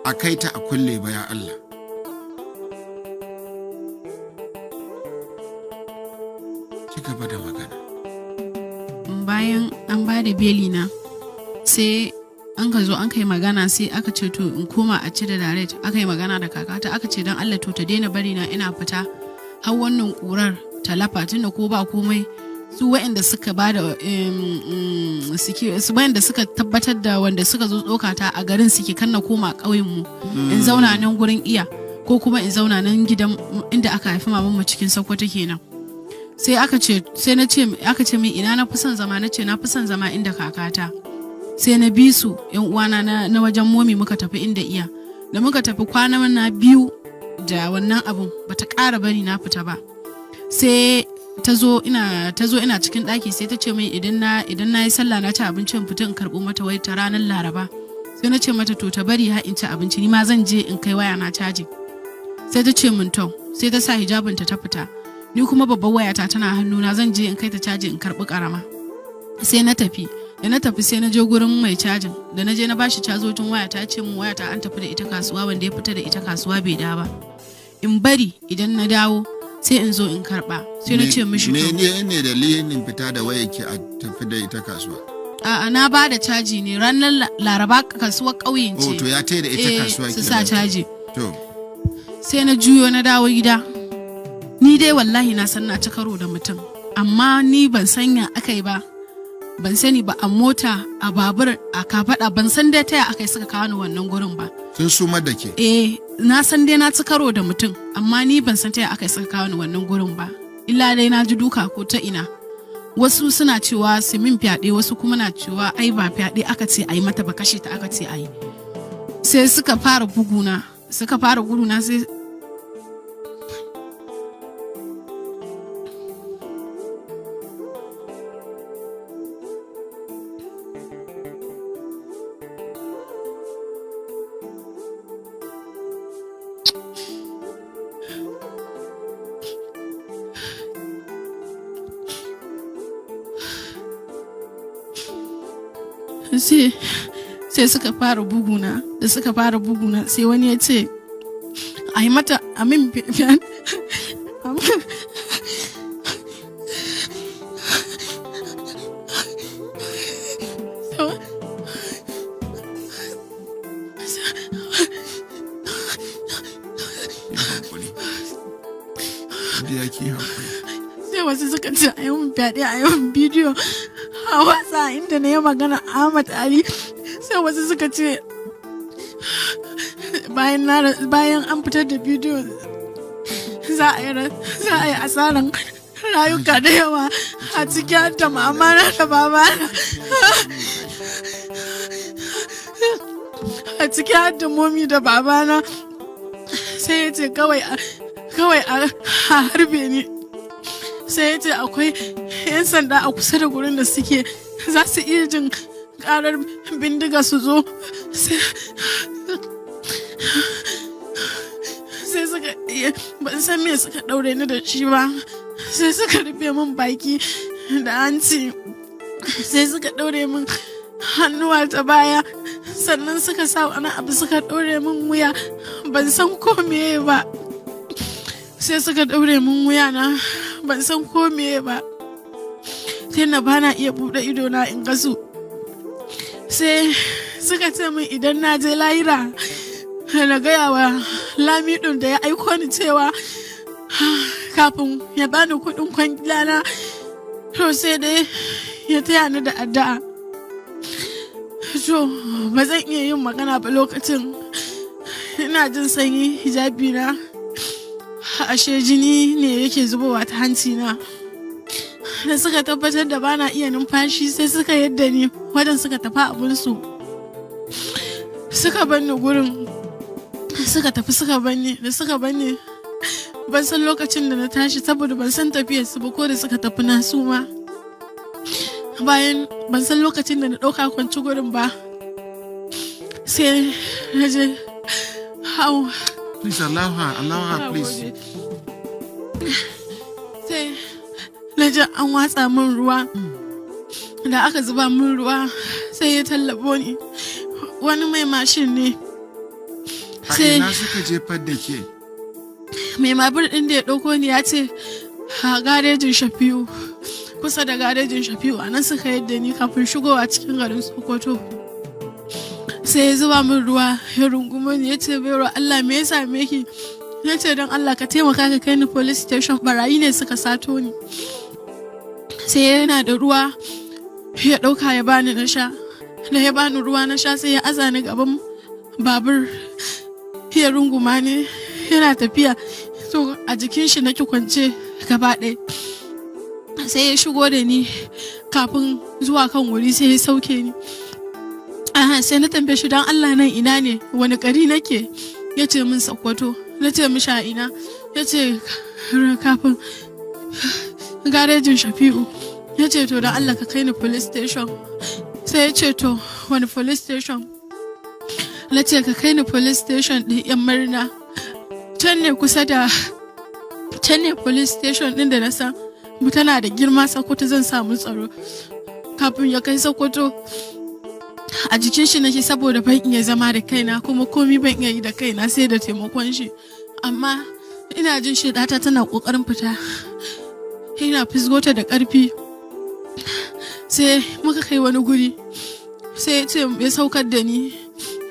a kai ta a kulle ba ya Allah ci gaba da magana bayan an ba da beli sai an ka zo an kai magana sai aka ce to in koma a cire direct aka yi magana da kakata aka ce don Allah to ta daina bari na ina fita har wannan ƙurar ta tun tunda ko ba komai su waɗanda suka ba da mm, su waɗanda suka tabbatar da wanda suka zo tsokata a garin suke kan na koma ƙauyen mu in mm. zauna nan gurin iya ko kuma in zauna nan gidan inda aka haifi maman mu cikin sokoto kenan sai aka ce sai na ce aka ce min ina na fi son zama na ce na fi son zama inda kakata sai na bi su yan uwana na, na wajen momi muka tafi inda iya da muka tafi kwana na biyu da wannan abun bata ƙara bari na fita ba sai ta zo ina cikin ɗaki sai ta ce min idan na idan na yi sallah na ci abinci in fita in karɓo mata wai ta ranar laraba sai na ce mata to ta bari har in ci abinci ni ma zan je in kai waya na caji sai ta ce min to sai ta sa hijabin ta fita ni kuma babbar wayata tana na zan je in kai ta caji in karɓi karama sai na tafi da na tafi sai na je gurin mai cajin da na je na bashi cazotun waya ta ce min wayata an tafi da ita kasuwa wanda ya fita da ita kasuwa bai da ba in bari idan na dawo sai in zo in karba sai na ce mishi ne ne ne dalilin fita da waya ke a tafi da ita kasuwa a'a na ba da caji ne ranar laraba kasuwar ƙauyen oh, ce to ya tai da ita eh, kasuwa su sa caji to sai na juyo na dawo gida ni dai wallahi na san na ci karo da mutum amma ni ban sanya akai ba ban sani ba a mota a babur a kafada ban san dai taya ya yi suka kawo ni wannan gurin ba sun sumar da ke eh na san dai na ci karo da mutum amma ni ban san ta ya aka yi suka kawo wannan gurin ba illa dai na ji duka ko ta ina wasu suna cewa su min fyaɗe wasu kuma na cewa ai ba fyaɗe aka ce a yi mata ba kashe ta aka ce a sai suka fara buguna suka fara guduna sai sai sai suka fara buguna da suka fara buguna sai wani ya ce a yi mata amin biyan sai wasu suka ce a yi mun fyaɗe a yi mun bidiyo a wasa inda na yi magana Ahmad Ali sai wasu suka ce bayan an fitar da bidiyo za a yi asarin rayuka da yawa a cikin da mamana da babana a cikin da momi da babana sai ya ce kawai a harbe ni sai ya ce akwai 'yan sanda a kusa da gurin da suke za su iya jin karar bindiga su zo sai suka iya ban san me suka ɗaure ni da shi ba sai suka rufe min baki da hanci sai suka ɗaure min hannuwa ta baya sannan suka sa wani abu suka ɗaure min wuya ban san ko meye ba sai suka ɗaure min wuya na ban san ko meye ba ta bana ba na iya buɗe idona in gasu sai suka ce min idan na je layira na gaya wa lamidin da ya aiko ni cewa kafin ya bani kuɗin kwangilana to sai dai ya taya ni da addu'a to ba zan iya yin magana ba lokacin ina jin sanyi hijabi na ashe jini ne yake zubowa ta hanci na da suka tabbatar da bana iya numfashi sai suka yadda ni wajen suka tafi abinsu suka banni gurin suka tafi suka banni da suka banni ban san lokacin da na tashi saboda ban san tafiya su ba ko da suka tafi na su ma bayan ban san lokacin da na ɗauka kwanci gurin ba sai na je hau please please na ji an watsa min ruwa da aka zuba min ruwa sai ya tallabo ni wani mai mashin ne sai ina suka jefar da ke mai mabur din da ya ɗauko ni ya ce a garejin shafi'u kusa da garejin shafi'u anan suka yadda ni kafin shigowa cikin garin sokoto sai ya zuba min ruwa ya rungumi ni ya ce bayarwa allah me ya same ki ya ce don allah ka taimaka ka kai ni police station barayi ne suka sato ni sai yana da ruwa ya ɗauka ya bani na sha da ya bani ruwa na sha sai ya aza ni gaban babur ya runguma ne yana tafiya to a jikin shi nake kwance gaba ɗaya sai ya shigo da ni kafin zuwa kan wuri sai ya sauke ni aha sai na tambaye shi don allah nan ina ne wani kari nake ya ce min sakwato na ce mishi a ina ya ce kafin garejin shafi'u ya ce to da Allah ka kai ni police station sai ya ce to wani police station na ce ka kai ni police station ɗin yan murna can ne kusa da can ne police station ɗin da na san tana da girma sakoto zan samu tsaro kafin ya kai sakoto a jikin shi nake saboda ban iya zama da kaina kuma komi ban iya yi da kaina sai da taimakon shi amma ina jin shi tana kokarin fita ina fisgota da karfi sai muka kai wani guri sai ce ya saukar da ni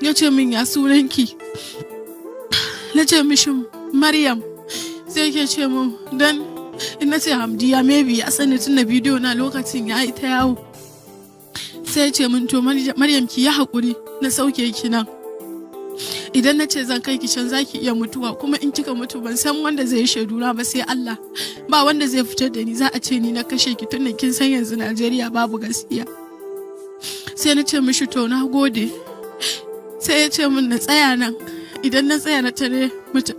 ya ce min ya sunanki na ce mishi maryam sai ke ce min don in na ce hamdiya maybe ya sani tun na bidiyo na lokacin ya yi ta yawo sai ce min to maryam ki ya haƙuri na sauke ki nan idan na ce zan kai ki can zaki iya mutuwa kuma in kika mutu ban san wanda zai yi shaidura ba sai Allah ba wanda zai fitar da ni za a ce ni na kashe ki tunda kin san yanzu Najeriya babu gaskiya sai na ce mishi to na gode sai ya ce min na tsaya nan idan na tsaya na tare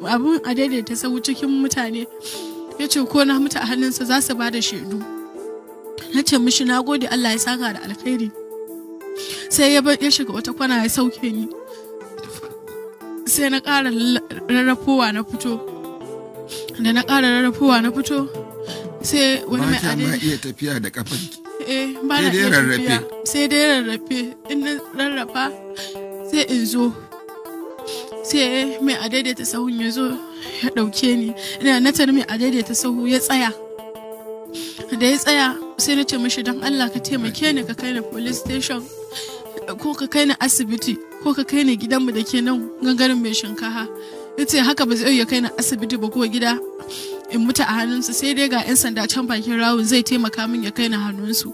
abin a daidaita sau cikin mutane ya ce ko na mutu a hannunsa za su ba da shaidu na ce mishi na gode Allah ya saka da alkhairi sai ya ya shiga wata kwana ya sauke ni sai na ƙara rarrafowa na fito da na ƙara rarrafowa na fito sai wani mai adini ba iya tafiya da ki eh ba na iya tafiya sai dai rarrafe in na rarrafa sai in zo sai mai adaidaita sahun ya zo ya ɗauke ni ina na tare mai adaidaita sahu ya tsaya da ya tsaya sai na ce mashi don Allah ka taimake ni ka kai ni police station ko ka kai ni asibiti ko ka kai ni gidanmu da ke nan gangaren mai shinkaha ya ce haka ba zai ya kai ni asibiti ba ko gida in mutu a hannunsu sai dai ga 'yan sanda can bakin rawun zai taimaka min ya kai ni hannunsu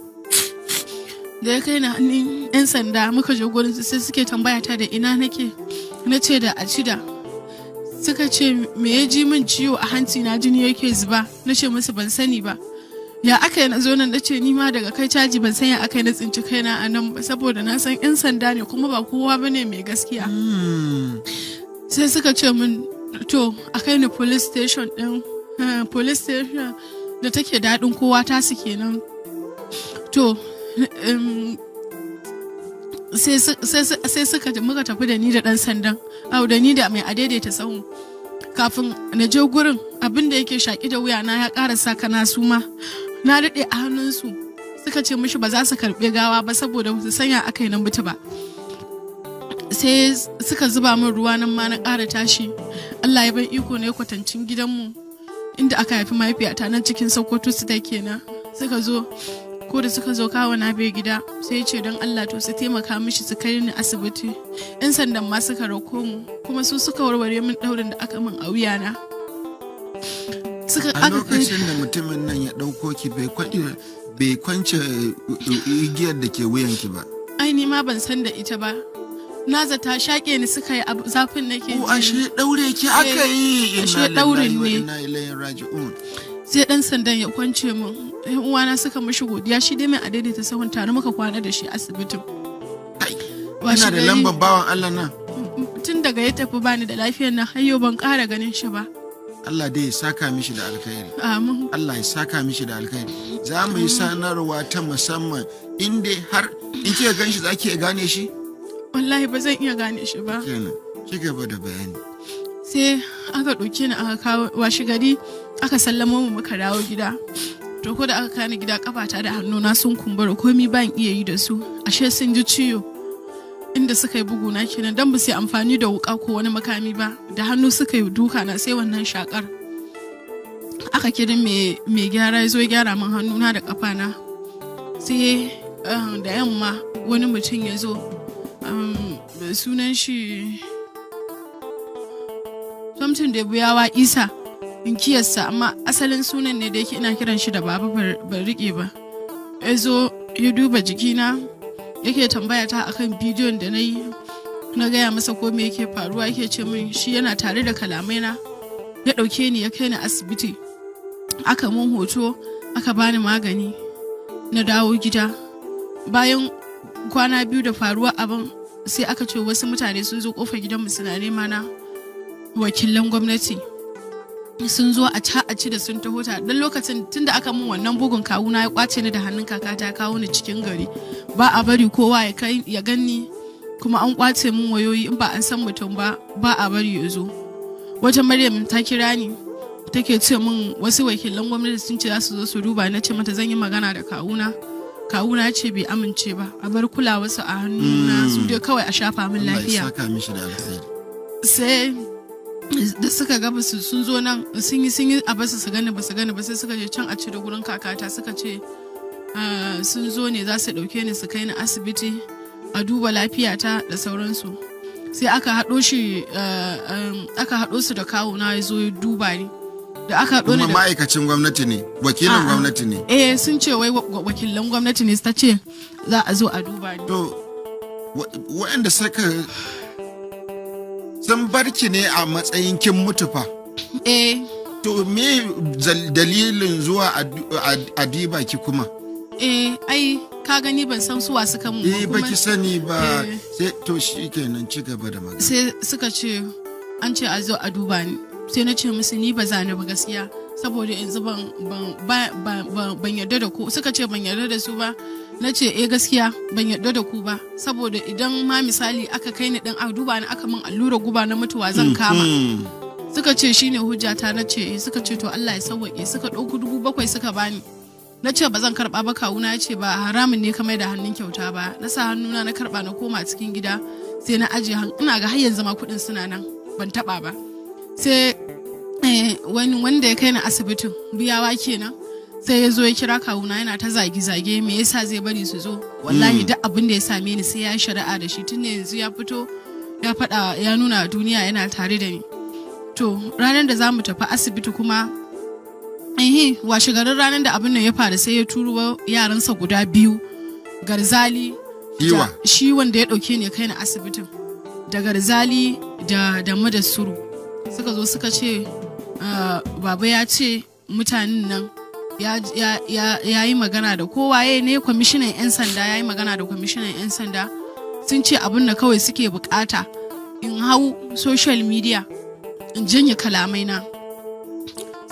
da ya kai ni hannun 'yan sanda muka je gurin sai suke tambaya ta da ina nake na ce da a cida suka ce me ya ji min ciwo a hanci na jini yake zuba na ce musu ban sani ba ya aka yi na zo nan nace ni ma daga kai caji ban san ya aka yi na tsinci na a nan saboda na san yan sanda ne kuma ba kowa bane mai gaskiya hmm. sai suka ce min to a kai ni police station din eh, police station da take daɗin kowa ta su kenan to sai suka muka tafi da ni da ɗan sandan au da ni da mai adaidaita sahun kafin na je gurin abinda yake shaƙi da wuya na ya ƙara sakana su suma na daɗe a hannunsu suka ce mishi ba za su karɓi gawa ba saboda su sanya aka yi na mutu ba sai suka zuba min ruwa nan ma na ƙara tashi allah ya bai iko ne kwatancin gidanmu inda aka haifi mahaifiyata nan cikin sokoto su ta kenan suka zo ko da suka zo kawo na bai gida sai ce don allah to su taimaka mishi su kai ni asibiti yan sandan ma suka rako mu kuma su suka warware min ɗaurin da aka min a wuyana suka a lokacin da mutumin nan ya ɗauko ki bai kwance eh, igiyar da ke wuyanki ba ai ni ma ban san da ita ba na zata shaƙe ni suka yi zafin nake oh, ji ashe daure ki aka eh, yi ashe daurin ne sai dan sandan ya kwance mu yan uwana suka mishi godiya shi dai mai a daidaita sahun tare muka kwana da shi asibitin ina da lambar bawan Allah na tun daga ya tafi bani da lafiyar nan hayo ban ƙara ganin shi ba Allah dai ya saka mishi da alkhairi. Amin. Allah ya saka mishi da alkhairi. Za mu yi sanarwa ta musamman inda har in kika gan shi za ki iya gane shi? Wallahi ba zan iya gane shi ba. Kenan, ki gaba da bayani. Sai aka ɗauke ni aka kawo washi gari aka sallamo mu muka dawo gida. To ko da aka kani gida kafata da hannuna sun kumbura komi ban iya yi da su ashe sun ji ciwo. inda suka yi bugu na kenan don ba su amfani da wuka ko wani makami ba da hannu suka yi duka na sai wannan shakar aka kirin mai gyara zo gyara min hannuna da kafana sai eh, da yamma wani mutum ya zo eh, sunan shi something da buyawa isa in kiyarsa amma asalin sunan ne da yake ina kiran shi da baba ban rike ba ya zo ya duba jikina yake tambaya ta akan bidiyon da na yi na gaya masa ko me yake faruwa yake ce min shi yana tare da kalamai na ya ɗauke ni ya kai ni asibiti aka mun hoto aka bani magani na dawo gida bayan kwana biyu da faruwa abin sai aka ce wasu mutane sun zo kofar gidanmu suna nema na wakilan gwamnati sun zo a ci a ci da sun taho ta dan lokacin tunda aka mun wannan bugun kawuna ya kwace ni da hannun kakata ta kawo ni cikin gari ba a bari kowa ya kai ya ganni kuma an kwace min wayoyi in ba an san mutum ba ba a bari ya zo wata maryam ta kira ni take ce min wasu wakilan gwamnati sun ce za su zo su duba na ce mata zan yi magana da kawuna kawuna ce bai amince ba a bar kulawarsu a hannuna su dai kawai a shafa min lafiya sai da suka ga basu sun zo nan sun yi sun yi a basu su gani basu gani ba sai suka je can a cire gurin kakata suka ce ah, sun zo ne za su dauke ni su kai ni asibiti a duba lafiyata da sauransu sai aka haɗo shi ah, um, aka haɗo su da kawuna ya zo ya duba ni da aka haɗo ni da ma'aikacin gwamnati ne wakilin gwamnati ne eh sun ce wai wakilan gwamnati ne ta ce za a zo a duba ni to waɗanda suka sun bar ki ne a matsayin kin mutu fa eh to me dalilin zuwa adiba ki kuma eh ai ka gani ban san suwa suka mu eh ki sani ba eh. sai to shi kenan ci gaba da magana sai suka ce an ce a zo a duba ni sai na ce musu ni ba zane ba gaskiya saboda yanzu ban yarda da ku suka ce ban yarda da su ba na ce eh gaskiya ban yarda da ku ba saboda idan ma misali aka kai ni din duba ni aka min allura guba na mutuwa zan mm-hmm. kama suka ce shine hujjata na ce eh, suka ce to Allah ya sauwaƙe suka ɗauki dubu bakwai suka bani na ce ba zan karba ba kawuna ya ce ba haramun ne kamar da hannun kyauta ba na sa hannuna na karba na koma cikin gida sai na ajiye ina ga har yanzu ma kuɗin suna nan ban taba ba sai wani wanda ya kai na asibitin biyawa kenan sai ya zo ya kira kawuna yana ta zage-zage me yasa zai bari su zo wallahi mm. duk abin da ya same ni sai ya shari'a da shi tun yanzu ya fito ya faɗa ya nuna duniya yana tare da ni to ranar da za mu tafi asibiti kuma ehe wa ranar da abin nan ya faru sai ya turo yaransa guda biyu garzali shi wanda ya ɗauke ne kai na asibitin da garzali da da madasuru suka zo suka ce Ah, baba ya ce mutanen nan ya yi magana da kowaye ne kwamishinan 'yan sanda ya yi magana da kwamishinan 'yan sanda sun ce abin da kawai suke bukata in hau social media in janye kalamai na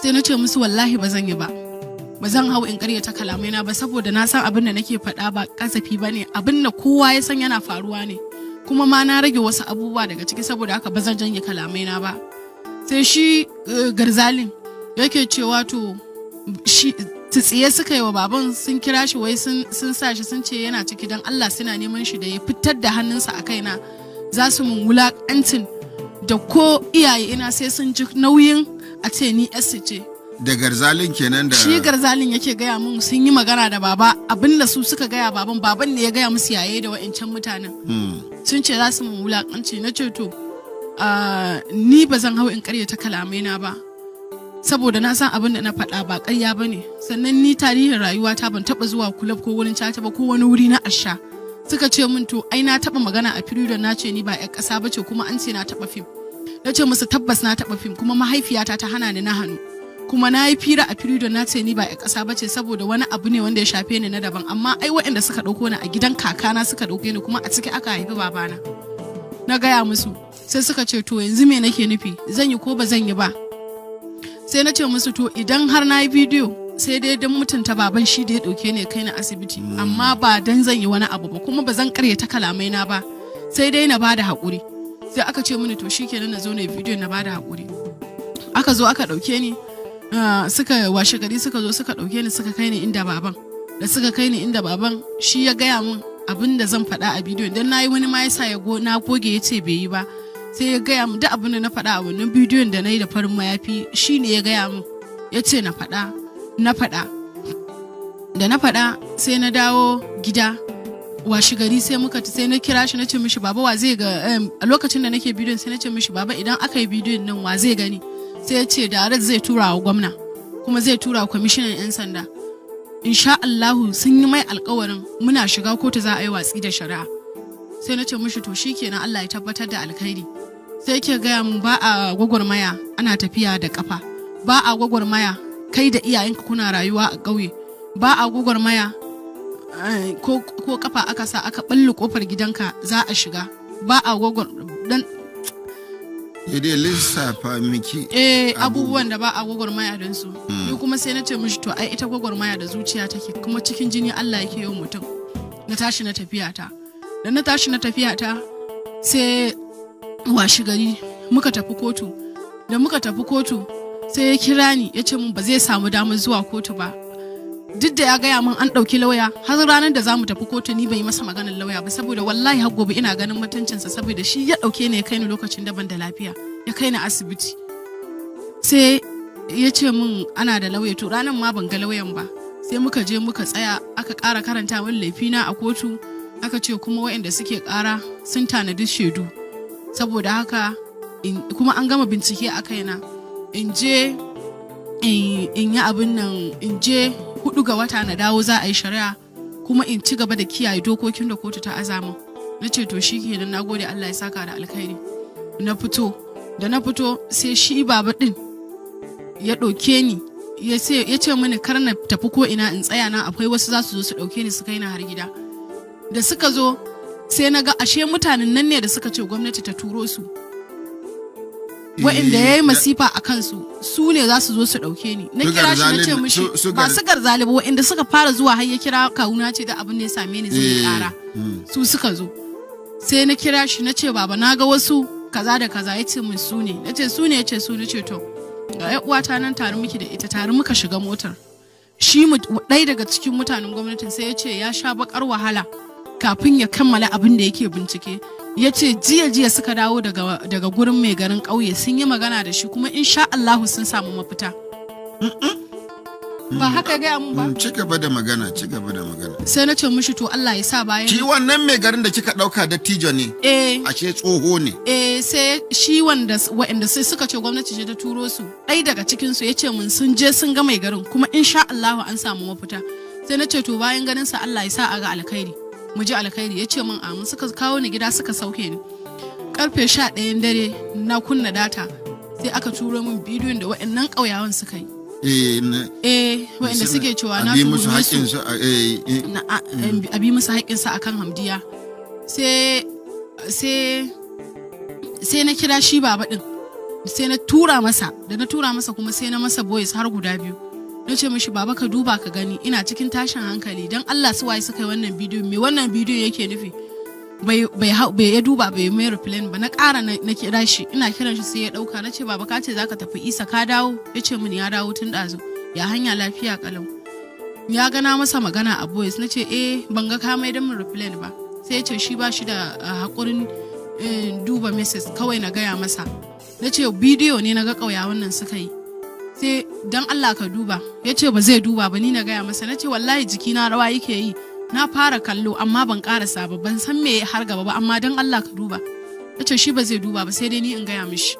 sai na ce musu wallahi ba zan yi ba ba zan hau in karyata kalamai na ba saboda na san abin da nake faɗa ba kasafi ba ne abin da kowa ya san yana faruwa ne kuma ma na rage wasu abubuwa daga ciki saboda haka ba zan janye kalamai na ba sai shi eh, garzalin yake cewa to shi tsiye suka yi wa baban sun kira shi wai sun sa shi sun ce yana ciki don Allah suna neman shi da ya fitar da hannunsa a kaina za su mun wulaƙantin da ko iyaye ina sai sun ji nauyin a ce ni yarsu ce da garzalin kenan da shi garzalin yake gaya mun sun yi magana da baba abin da su suka gaya baban baban ne ya gaya musu yaye da wa'ancan mutanen hmm. sun ce za su mun wulaƙanci na ce to Ah, ni ba zan hau in karyata kalamaina ba saboda na san abin da na faɗa ba ƙarya ba sannan ni tarihin rayuwata ban taɓa zuwa kulab ko wurin caca ba ko wani wuri na asha suka ce min to ai na taɓa magana a firidon na ce ni ba 'yan ƙasa ba kuma an ce na taɓa fim na ce musu tabbas na taɓa fim kuma mahaifiyata ta hana ni na hannu kuma na yi fira a firidon na ce ni ba 'yan ƙasa ba saboda wani abu ne wanda ya shafe ni na daban amma ai waɗanda suka ɗauko ni a gidan kakana suka ɗauke ni kuma a ciki aka haifi babana na gaya musu sai suka ce to yanzu me nake nufi zan yi ko ba zan yi ba sai na ce musu to idan har na yi bidiyo sai dai don mutunta baban shi da ya dauke ne kai na asibiti amma ba don zan yi wani abu ba kuma ba zan karyata kalamai na ba sai dai na bada haƙuri sai aka ce mini to shikenan na zo na bidiyo na bada haƙuri aka zo aka dauke ni ah, suka washe gari suka zo suka dauke ni suka kai ni inda baban da suka kai ni inda baban shi ya gaya min abin da zan faɗa a bidiyo don na yi wani ma ya sa ya na goge ya ce bai yi ba sai ya gaya mu duk abin da na faɗa a wannan bidiyon da na yi da farin mayafi shi ne ya gaya mu ya ce na faɗa na faɗa da na faɗa sai na dawo gida washi gari sai muka ci sai na kira shi na ce mishi baba wa zai ga a lokacin da nake bidiyon sai na ce mishi baba idan aka yi bidiyon nan wa zai gani sai ya ce da zai tura wa gwamna kuma zai tura kwamishinan 'yan sanda insha Allahu sun yi mai alkawarin muna shiga kotu za a yi watsi da shari'a sai na ce mishi to kenan Allah ya tabbatar da alkhairi sai ke gaya mun ba a gwagwarmaya ana tafiya da kafa ba a gwagwarmaya kai da iyayenka kuna rayuwa a ƙauye ba a gwagwarmaya eh, ko kafa aka sa aka balle kofar gidanka za a shiga ba a gwagwar dan dai lissafa miki eh abubuwan da ba a gwagwarmaya don su hmm. ni kuma sai na ce mishi to ai ita gwagwarmaya da zuciya take kuma cikin jini Allah yake yau mutum na tashi na tafiya ta da na tashi na tafiya ta sai washi gari muka tafi kotu da muka tafi kotu sai ya kira ni ya ce min ba zai samu damar zuwa kotu ba duk da ya gaya min an ɗauki lauya har ranar da za mu tafi kotu ni bai yi masa maganar lauya ba saboda wallahi har gobe ina ganin mutuncinsa saboda shi ya ɗauke ni ya kai ni lokacin daban da lafiya ya kai ni asibiti sai ya ce min ana da lauya to ranar ma ban ga lauyan ba sai muka je muka tsaya aka ƙara karanta min laifina a kotu aka ce kuma waɗanda suke ƙara sun tanadi shaidu saboda haka kuma an gama bincike a kaina in je in yi abin nan in je hudu ga wata na dawo za a yi shari'a kuma in ci gaba da kiyaye dokokin da kotu ta azama na ce to shi kenan na gode allah ya saka da alkhairi na fito da na fito sai shi baba din ya ɗauke ni ya ce mini kar na tafi ko ina in tsaya na akwai wasu za su zo su ɗauke ni su kai na har gida da suka zo sai na ga ashe mutanen nan ne da suka ce gwamnati ta turo su wa'inda ya yi eh, masifa a kansu su ne za su zo su ɗauke ni na kira shi na ce mishi ba su garzali ba wa'inda suka fara zuwa har ya kira kawuna ce da abin da ya same ni zai kara eh, hmm. su suka zo sai na kira shi na ce baba na ga wasu kaza da kaza ya ce min su ne na ce su ne ya ce su na ce to ga uwata nan tare miki da ita tare muka shiga motar shi ɗaya daga cikin mutanen gwamnatin sai ya ce ya sha baƙar wahala kafin ya kammala abin da yake bincike ya ce jiya jiya suka dawo daga gurin mai garin ƙauye sun yi magana da shi kuma insha Allahu sun samu mafita ba haka gaya mun ba mm, ci gaba da magana ci gaba da magana sai na ce mishi to Allah ya sa bayan shi wannan mai garin da kika dauka da tijo ne eh ashe tsoho ne eh sai shi wanda waɗanda sai suka ce gwamnati ce ta turo su ɗai daga cikin su yace mun sun je sun ga mai garin kuma insha Allahu an samu mafita sai na ce to bayan ganin sa Allah ya sa a ga alkhairi mu ji alkhairi ya ce min amin suka kawo ni gida suka sauke ni karfe sha ɗayan dare na kunna data sai aka turo min bidiyon da waɗannan ƙauyawan suka yi eh, eh waɗanda suke cewa na musu haƙƙin su eh, eh, a bi musu haƙƙin a akan hamdiya sai sai sai na kira shi baba din sai na tura masa da na tura masa kuma sai na masa boys har guda biyu na ce mishi baba ka duba ka gani ina cikin tashin hankali don allah su waye suka yi wannan bidiyo me wannan bidiyo yake nufi bai ya duba bai mai replan ba na kara na kira shi ina kiran shi sai ya ɗauka na ce baba ka ce zaka tafi isa ka dawo ya ce min ya dawo tun dazu ya hanya lafiya kalau ya gana masa magana a boys na ce eh ban ga ka mai min replan ba sai ya ce shi ba shi da ah, haƙurin eh, duba message kawai na gaya masa na ce bidiyo ne na ga ƙauya wannan suka yi sai dan Allah ka duba ya ce ba zai duba ba ni na gaya masa na ce wallahi na rawa yake yi na fara kallo amma ban karasa ba ban san me har gaba ba amma dan Allah ka duba ya ce shi ba zai duba ba sai dai ni in gaya mishi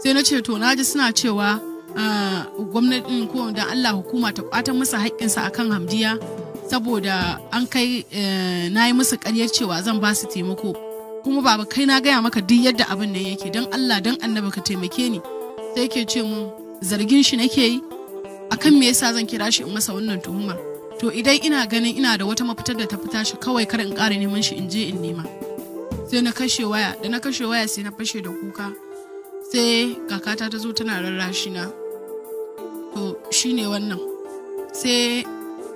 sai na ce to na ji suna cewa ah, gwamnatin ko dan Allah hukuma ta kwata masa sa akan hamdiya saboda an kai eh, na yi musu karyar cewa zan ba su taimako kuma baba kai na gaya maka duk yadda abin nan yake don Allah don annabi ka taimake ni sai ke ce mun zargin shi nake yi akan me yasa zan kira shi in masa wannan tuhumar to idan ina ganin ina da wata mafitar da ta fita shi kawai kar in ƙara neman shi in je in nema sai na kashe waya da na kashe waya sai na fashe da kuka sai kakata ta zo tana rarrashi na to shine wannan sai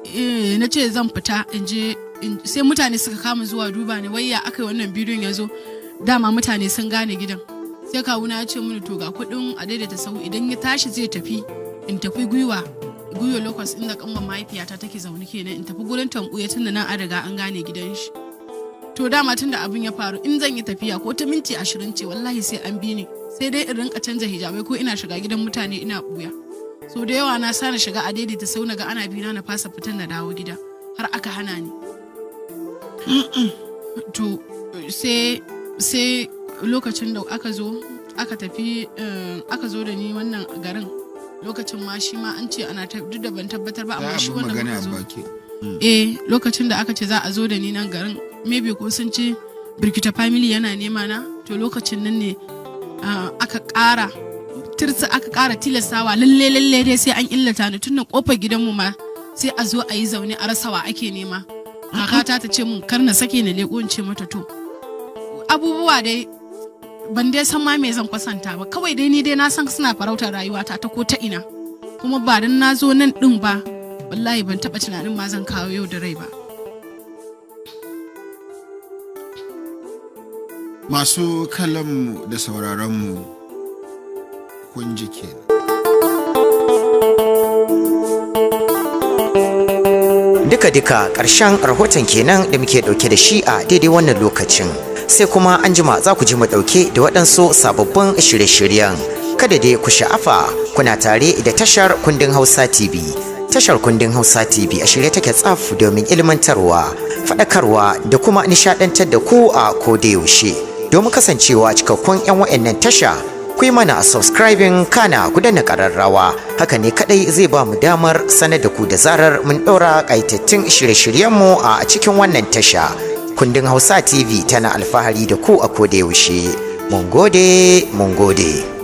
eh, na ce zan fita in je sai mutane suka kama zuwa duba ne wai ya aka wannan bidiyon ya zo dama mutane sun gane gidan sai kawuna ya ce mini to ga kuɗin a daidaita sau idan ya tashi zai tafi in tafi gwiwa gwiwa lokos inda kanwa mahaifiyata take zaune kenan in tafi gurin tun tunda nan an riga an gane gidan shi to dama tunda abin ya faru in zan yi tafiya ko ta minti ashirin ce wallahi sai an bi ni sai dai in rinka canza hijabai ko ina shiga gidan mutane ina buya so da yawa na sa na shiga a daidaita sau na ga ana biyu na fasa fitan na dawo gida har aka hana ni to sai lokacin da aka zo aka tafi eh, aka zo da ni wannan garin lokacin ma shi ma an ce ana duk da ban tabbatar ba amma shi wanda muka zo hmm. eh lokacin da aka ce za a zo da ni nan garin maybe ko sun ce birkita family yana nema na to lokacin nan ne ah, aka ƙara tirsa aka ƙara tilastawa lalle lalle dai sai an illata ni tun kofar gidanmu ma sai a zo a yi zaune a rasawa ake nema kakata ta ce mun kar na sake na leƙo in ce mata to abubuwa dai ban dai san ma me zan kwasanta ba kawai dai ni dai na san suna farautar rayuwata ta ko ta ina kuma ba dan na zo nan din ba wallahi ban taba tunanin ma zan kawo yau da rai ba masu kalanmu da sauraronmu kun ji kenan duka-duka ƙarshen rahoton kenan da muke ɗauke da shi a daidai wannan lokacin sai kuma an jima za ku ji mu dauke da waɗansu sababbin shirye-shiryen. Kada dai ku sha'afa kuna tare da tashar kundin Hausa TV. Tashar kundin Hausa TV a shirye take tsaf domin ilmantarwa, faɗakarwa da kuma nishaɗantar da ku a ko kodayaushe. Domin kasancewa cikakkun 'yan wa'annan tasha ku yi mana subscribing kana ku danna ƙararrawa haka ne kaɗai zai ba mu damar sanar da ku da zarar mun ɗora ƙaitattun shirye-shiryenmu a cikin wannan tasha. kundin Hausa TV tana alfahari da ku a koda yaushe. Mun gode, mun gode.